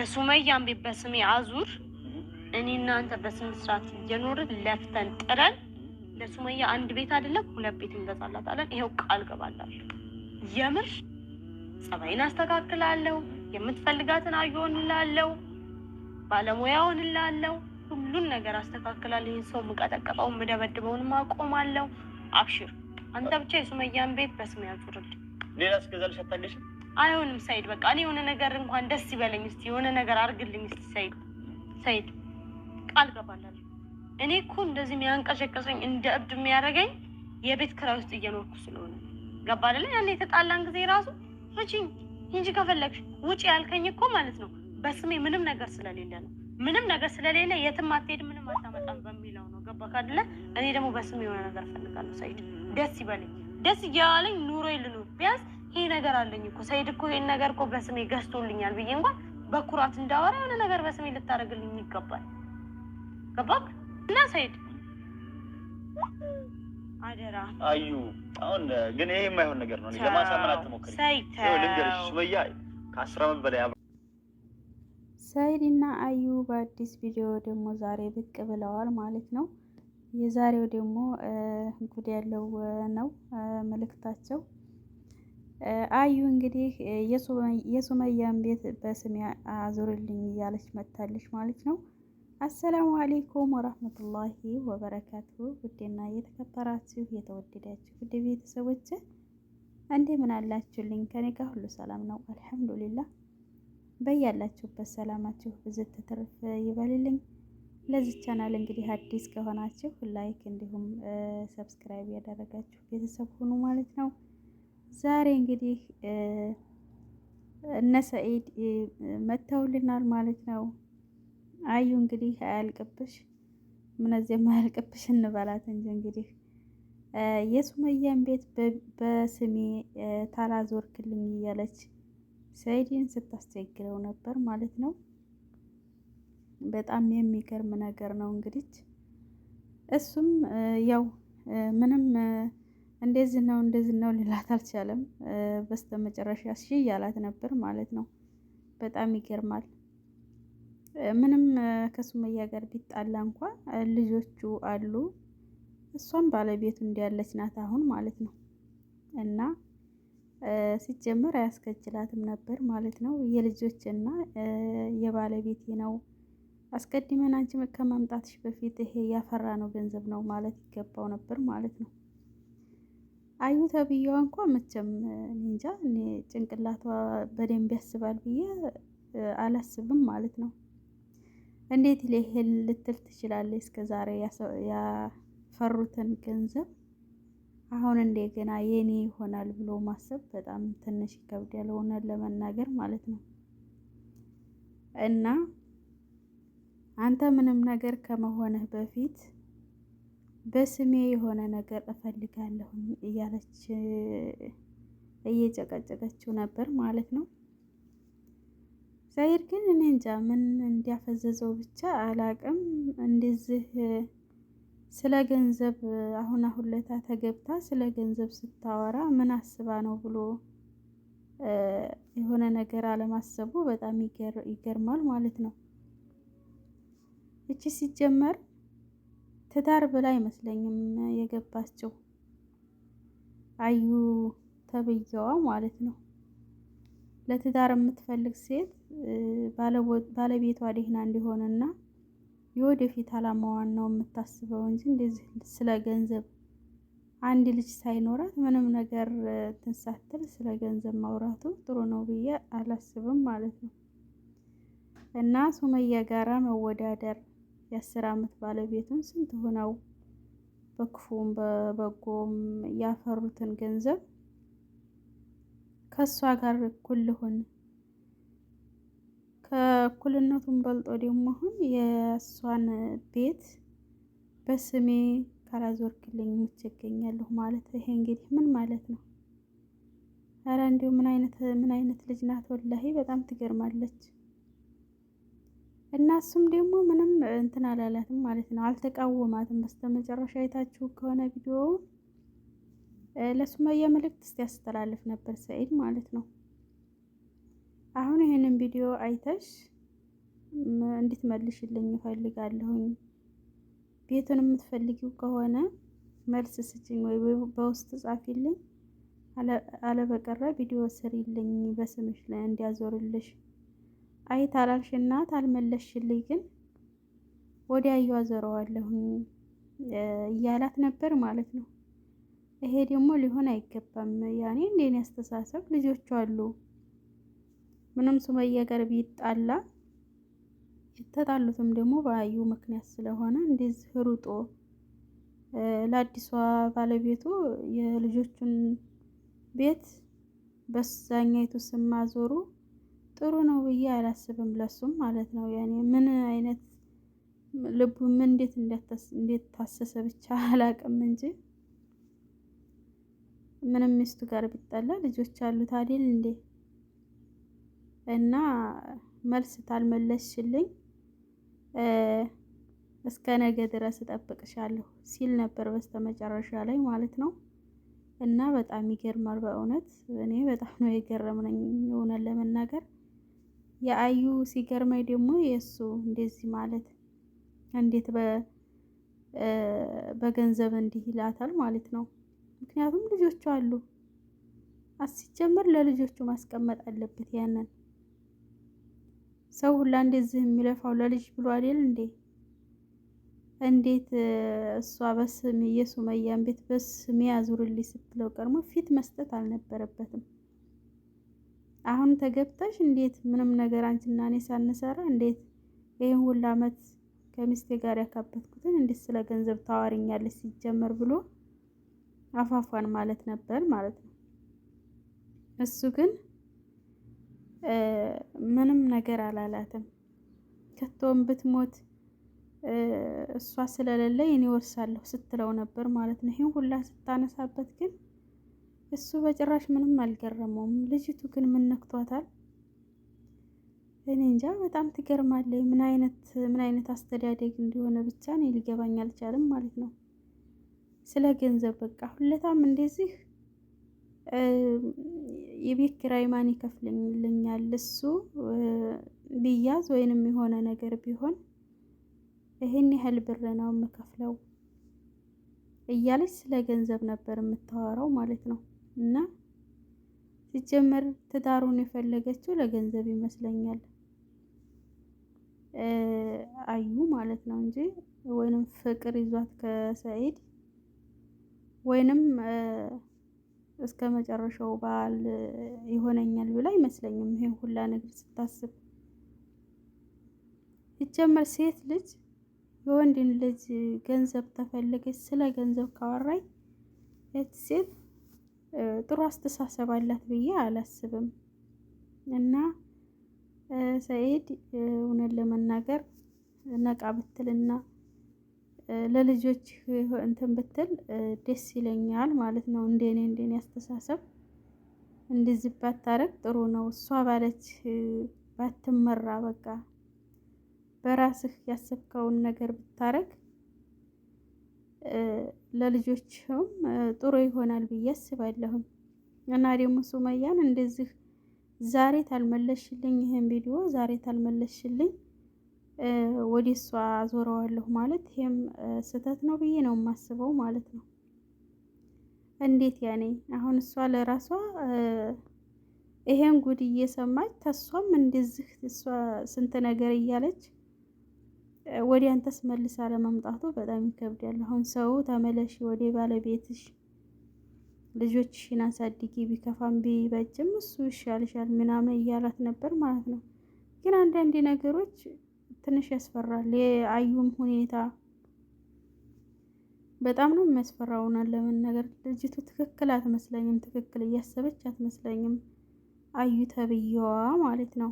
የሱመያን ቤት በስሜ አዙር። እኔ እናንተ በስነ ስርዓት እየኖርን ለፍተን ጥረን ለሱመያ አንድ ቤት አይደለም ሁለት ቤት እንገዛላታለን። ይሄው ቃል ገባላለሁ። የምር ጸባይን አስተካክላለሁ። የምትፈልጋትን አየሆንላለው፣ ባለሙያውንላለው፣ ሁሉን ነገር አስተካክላለሁ። ይህን ሰው የምቀጠቀጠው የምደበድበውን ማቆማለው። አብሽር አንተ ብቻ የሱመያን ቤት በስሜ ያዙርል። ሌላ እስከዛ ልሸታለሽ አይሆንም። ሰይድ በቃ እኔ የሆነ ነገር እንኳን ደስ ይበለኝ እስኪ የሆነ ነገር አርግልኝ እስኪ ሰይድ ሰይድ፣ ቃል ገባላለሁ። እኔ እኮ እንደዚህ የሚያንቀሸቀሸኝ እንደ እብድ የሚያደርገኝ የቤት ክራይ ውስጥ እየኖርኩ ስለሆነ ገባ አይደለ? ያኔ የተጣላን ጊዜ ራሱ ፍቺኝ እንጂ ከፈለግሽ ውጭ ያልከኝ እኮ ማለት ነው በስሜ ምንም ነገር ስለሌለ ነው። ምንም ነገር ስለሌለ የትም አትሄድ፣ ምንም አታመጣም በሚለው ነው። ገባ ካደለ እኔ ደግሞ በስሜ የሆነ ነገር ፈልጋለሁ። ሰይድ ደስ ይበለኝ፣ ደስ እያለኝ ኑሮ ይልኑ። ቢያንስ ይሄ ነገር አለኝ እኮ ሰይድ እኮ ይህን ነገር እኮ በስሜ ገዝቶልኛል ብዬ እንኳን በኩራት እንዳወራ የሆነ ነገር በስሜ ልታደርግልኝ ይገባል። ገባህ እና ሰይድ አዩ አሁን ግን ይሄ የማይሆን ነገር ነው። ለማሳመን አትሞክሪ። ልንገርሽ ሱመያ ከአስር አመት በላይ ሰይድ እና አዩ በአዲስ ቪዲዮ ደግሞ ዛሬ ብቅ ብለዋል ማለት ነው። የዛሬው ደግሞ ጉድ ያለው ነው መልእክታቸው። አዩ እንግዲህ የሱመያን ቤት በስሜ አዙርልኝ እያለች መታለች ማለት ነው። አሰላሙ አሌይኩም ወራህመቱላሂ ወበረካቱ። ውዴና የተከበራችሁ የተወደዳችሁ ውድ ቤተሰቦች እንዴ ምን አላችሁልኝ? ከኔ ጋር ሁሉ ሰላም ነው አልሐምዱሊላ። በያላችሁበት ሰላማችሁ ብዝት ትርፍ ይበልልኝ። ለዚህ ቻናል እንግዲህ አዲስ ከሆናችሁ ላይክ እንዲሁም ሰብስክራይብ ያደረጋችሁ ቤተሰብ ሁኑ ማለት ነው። ዛሬ እንግዲህ እነ ሰኢድ መተውልናል ማለት ነው። አዩ እንግዲህ አያልቅብሽ፣ ምነዚህም አያልቅብሽ እንበላት እንጂ እንግዲህ የሱመያን ቤት በስሜ ታላዞርክልኝ እያለች ሰይድን ስታስቸግረው ነበር ማለት ነው። በጣም የሚገርም ነገር ነው እንግዲህ እሱም ያው ምንም እንደዚህ ነው እንደዚህ ነው ሊላት አልቻለም። በስተመጨረሻ እሺ እያላት ነበር ማለት ነው። በጣም ይገርማል። ምንም ከሱመያ ጋር ቢጣላ እንኳ ልጆቹ አሉ። እሷም ባለቤቱ እንዲያለች ናት አሁን ማለት ነው። እና ሲጀመር አያስከጅላትም ነበር ማለት ነው። የልጆች እና የባለቤቴ ነው አስቀድመን አንቺ ከመምጣትሽ በፊት ይሄ ያፈራ ነው ገንዘብ ነው ማለት ይገባው ነበር ማለት ነው። አዩ ተብዬዋ እንኳ መቼም እንጃ ጭንቅላቷ በደንብ ያስባል ብዬ አላስብም ማለት ነው። እንዴት ይሄን ልትል ትችላለች? ዛሬ ያፈሩትን ገንዘብ አሁን እንደገና የኔ ይሆናል ብሎ ማሰብ በጣም ትንሽ ይከብዳል፣ ሆነ ለመናገር ማለት ነው። እና አንተ ምንም ነገር ከመሆንህ በፊት በስሜ የሆነ ነገር እፈልጋለሁ እያለች እየጨቀጨቀችው ነበር ማለት ነው። ዛሄር ግን እኔ እንጃ ምን እንዲያፈዘዘው ብቻ አላቅም። እንደዚህ ስለ ገንዘብ አሁን አሁን ለታ ተገብታ ስለ ገንዘብ ስታወራ ምን አስባ ነው ብሎ የሆነ ነገር አለማሰቡ በጣም ይገርማል ማለት ነው። እቺ ሲጀመር ትዳር ብላ አይመስለኝም የገባችው አዩ ተብዬዋ ማለት ነው። ለትዳር የምትፈልግ ሴት ባለቤቷ ደህና እንዲሆንና የወደፊት አላማዋን ነው የምታስበው እንጂ እንደዚህ ስለ ገንዘብ አንድ ልጅ ሳይኖራት ምንም ነገር ትንሳትል ስለ ገንዘብ ማውራቱ ጥሩ ነው ብዬ አላስብም ማለት ነው። እና ሱመያ ጋራ መወዳደር የአስር አመት ባለቤቱን ስንት ሆነው በክፉም በበጎም ያፈሩትን ገንዘብ ከእሷ ጋር እኩል ልሆን ከእኩልነቱን በልጦ ደግሞ አሁን የእሷን ቤት በስሜ ካላዞርክልኝ እገኛለሁ ማለት ይሄ እንግዲህ ምን ማለት ነው? ኧረ እንዲሁ ምን አይነት ምን አይነት ልጅ ናት? ወላሂ በጣም ትገርማለች። እና እሱም ደግሞ ምንም እንትን አላላትም ማለት ነው፣ አልተቃወማትም። በስተመጨረሻ አይታችሁ ከሆነ ቪዲዮውን ለሱመያ መልእክት እስቲ ያስተላልፍ ነበር ሰኢድ ማለት ነው። አሁን ይህንን ቪዲዮ አይተሽ እንድትመልሽልኝ እፈልጋለሁኝ። ቤቱን የምትፈልጊው ከሆነ መልስ ስጭኝ ወይ በውስጥ ጻፊልኝ። አለበቀረ ቪዲዮ ስሪልኝ በስምሽ ላይ እንዲያዞርልሽ። አይ ታልመለሽልኝ ግን ወዲያዩ አዞረዋለሁኝ እያላት ነበር ማለት ነው። ይሄ ደግሞ ሊሆን አይገባም። ያኔ እንዴን ያስተሳሰብ ልጆቹ አሉ። ምንም ሱመያ ጋር ቢጣላ የተጣሉትም ደግሞ በአዩ ምክንያት ስለሆነ እንደዚህ ሩጦ ለአዲሷ ባለቤቱ የልጆቹን ቤት በዛኛይቱ ስም ማዞሩ ጥሩ ነው ብዬ አላስብም። ለሱም ማለት ነው ያኔ ምን አይነት ልቡ ምን እንዴት ታሰሰ ብቻ አላቅም እንጂ ምንም ሚስቱ ጋር ቢጣላ ልጆች አሉት አይደል እንዴ? እና መልስ ታልመለስሽልኝ እስከ ነገ ድረስ እጠብቅሻለሁ ሲል ነበር በስተመጨረሻ ላይ ማለት ነው። እና በጣም ይገርማል በእውነት እኔ በጣም ነው የሆነ የሆነን ለመናገር የአዩ ሲገርመኝ ደግሞ የእሱ እንደዚህ ማለት እንዴት በገንዘብ እንዲህ ይላታል ማለት ነው። ምክንያቱም ልጆቹ አሉ አስጀምር ለልጆቹ ማስቀመጥ አለበት። ያንን ሰው ሁላ እንደዚህ የሚለፋው ለልጅ ብሎ አይደል እንዴ? እንዴት እሷ በስም የሱመያን ቤት በስም ያዙርልኝ ስትለው ቀድሞ ፊት መስጠት አልነበረበትም። አሁን ተገብተሽ እንዴት ምንም ነገር አንቺና እኔ ሳንሰራ እንዴት ይህን ሁላ ዓመት ከሚስቴ ጋር ያካበትኩትን እንዴት ስለ ገንዘብ ታዋሪኛለች ሲጀመር ብሎ አፏፏን ማለት ነበር ማለት ነው። እሱ ግን ምንም ነገር አላላትም። ከቶም ብትሞት እሷ ስለሌለ እኔ ወርሳለሁ ስትለው ነበር ማለት ነው። ይህን ሁላ ስታነሳበት ግን እሱ በጭራሽ ምንም አልገረመውም። ልጅቱ ግን ምን ነክቷታል? እኔ እንጃ። በጣም ትገርማለች። ምን አይነት ምን አይነት አስተዳደግ እንደሆነ ብቻ እኔ ሊገባኝ አልቻልም ማለት ነው። ስለ ገንዘብ በቃ ሁለታም እንደዚህ የቤት ኪራይ ማን ይከፍልልኛል? እሱ ቢያዝ ወይንም የሆነ ነገር ቢሆን ይህን ያህል ብር ነው የምከፍለው እያለች ስለ ገንዘብ ነበር የምታወራው ማለት ነው። እና ሲጀመር ትዳሩን የፈለገችው ለገንዘብ ይመስለኛል አዩ ማለት ነው እንጂ ወይንም ፍቅር ይዟት ከሰኢድ ወይንም እስከ መጨረሻው በዓል ይሆነኛል ብላ አይመስለኝም። ይሄን ሁላ ነገር ስታስብ ይጀመር ሴት ልጅ የወንድን ልጅ ገንዘብ ተፈለገች ስለ ገንዘብ ካወራኝ ይህች ሴት ጥሩ አስተሳሰብ አላት ብዬ አላስብም። እና ሰኢድ እውነት ለመናገር ነቃ ብትልና ለልጆች እንትን ብትል ደስ ይለኛል ማለት ነው። እንደኔ እንደኔ አስተሳሰብ እንደዚህ ባታረግ ጥሩ ነው። እሷ ባለች ባትመራ፣ በቃ በራስህ ያሰብከውን ነገር ብታረግ ለልጆችም ጥሩ ይሆናል ብዬ አስባለሁም። እና ደግሞ ሱመያን እንደዚህ ዛሬ ታልመለሽልኝ፣ ይህን ቪዲዮ ዛሬ ታልመለሽልኝ ወደ እሷ አዞረዋለሁ ማለት ይህም ስህተት ነው ብዬ ነው የማስበው ማለት ነው። እንዴት ያኔ አሁን እሷ ለራሷ ይሄን ጉድ እየሰማች ተሷም እንደዚህ እሷ ስንት ነገር እያለች ወደ አንተስ መልሳ ለመምጣቱ በጣም ይከብዳል። አሁን ሰው ተመለሽ ወደ ባለቤትሽ ልጆችሽን አሳድጊ ቢከፋም ቢበጅም እሱ ይሻልሻል ምናምን እያላት ነበር ማለት ነው። ግን አንዳንድ ነገሮች ትንሽ ያስፈራል። የአዩም ሁኔታ በጣም ነው የሚያስፈራው። ለምን ነገር ልጅቱ ትክክል አትመስለኝም፣ ትክክል እያሰበች አትመስለኝም አዩ ተብዬዋ ማለት ነው።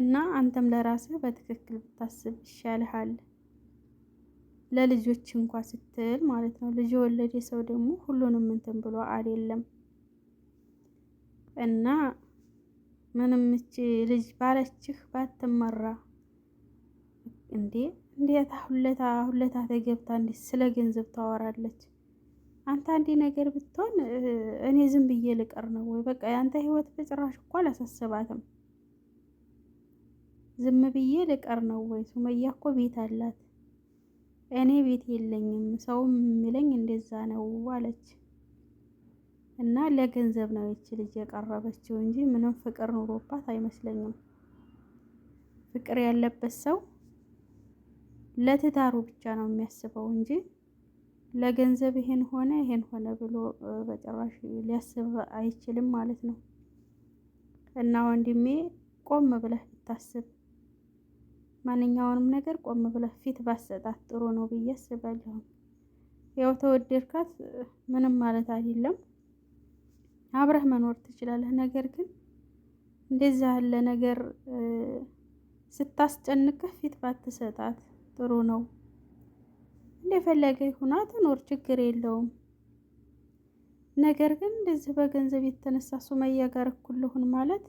እና አንተም ለራስህ በትክክል ብታስብ ይሻልሃል፣ ለልጆች እንኳ ስትል ማለት ነው። ልጅ የወለደ ሰው ደግሞ ሁሉንም እንትን ብሎ አይደለም እና ምንም እቺ ልጅ ባለችህ ባትመራ እንዴ እንዴት ሁለታ ሁለታ ተገብታ እንዴት ስለ ገንዘብ ታወራለች? አንተ አንዴ ነገር ብትሆን እኔ ዝም ብዬ ልቀር ነው ወይ? በቃ ያንተ ህይወት በጭራሽ እኮ አላሳሰባትም። ዝም ብዬ ልቀር ነው ወይ? ሱመያ እኮ ቤት አላት፣ እኔ ቤት የለኝም፣ ሰውም የሚለኝ እንደዛ ነው አለች። እና ለገንዘብ ነው ይቺ ልጅ የቀረበችው እንጂ ምንም ፍቅር ኑሮባት አይመስለኝም። ፍቅር ያለበት ሰው ለትዳሩ ብቻ ነው የሚያስበው እንጂ ለገንዘብ ይሄን ሆነ ይሄን ሆነ ብሎ በጭራሽ ሊያስብ አይችልም ማለት ነው። እና ወንድሜ ቆም ብለህ ብታስብ፣ ማንኛውንም ነገር ቆም ብለህ ፊት ባሰጣት ጥሩ ነው ብዬ አስባለሁ። ያው ተወደድካት ምንም ማለት አይደለም። አብረህ መኖር ትችላለህ። ነገር ግን እንደዚህ ያለ ነገር ስታስጨንቅህ ፊት ባትሰጣት ጥሩ ነው። እንደፈለገ ሁና ትኖር፣ ችግር የለውም። ነገር ግን እንደዚህ በገንዘብ የተነሳ ሱመያ ጋር እኩል ልሁን ማለት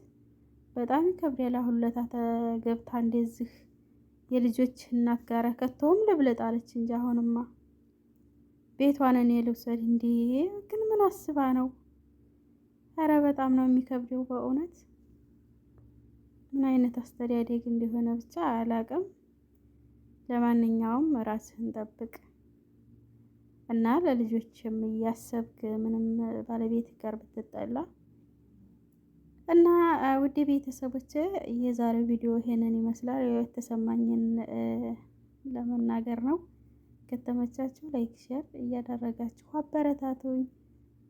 በጣም ይከብዳል። አሁን ለታ ተገብታ እንደዚህ የልጆች እናት ጋር ከተውም ልብለጥ አለች እንጂ አሁንማ ቤቷን እኔ ልውሰድ። እንዲህ ግን ምን አስባ ነው? እረ በጣም ነው የሚከብደው በእውነት ምን አይነት አስተዳደግ እንደሆነ ብቻ አላቅም። ለማንኛውም ራስህን ጠብቅ እና ለልጆችም እያሰብክ ምንም ባለቤት ጋር ብትጠላ እና ውድ ቤተሰቦች የዛሬው ቪዲዮ ይሄንን ይመስላል። የተሰማኝን ለመናገር ነው። ከተመቻችሁ ላይክ፣ ሼር እያደረጋችሁ አበረታቱኝ።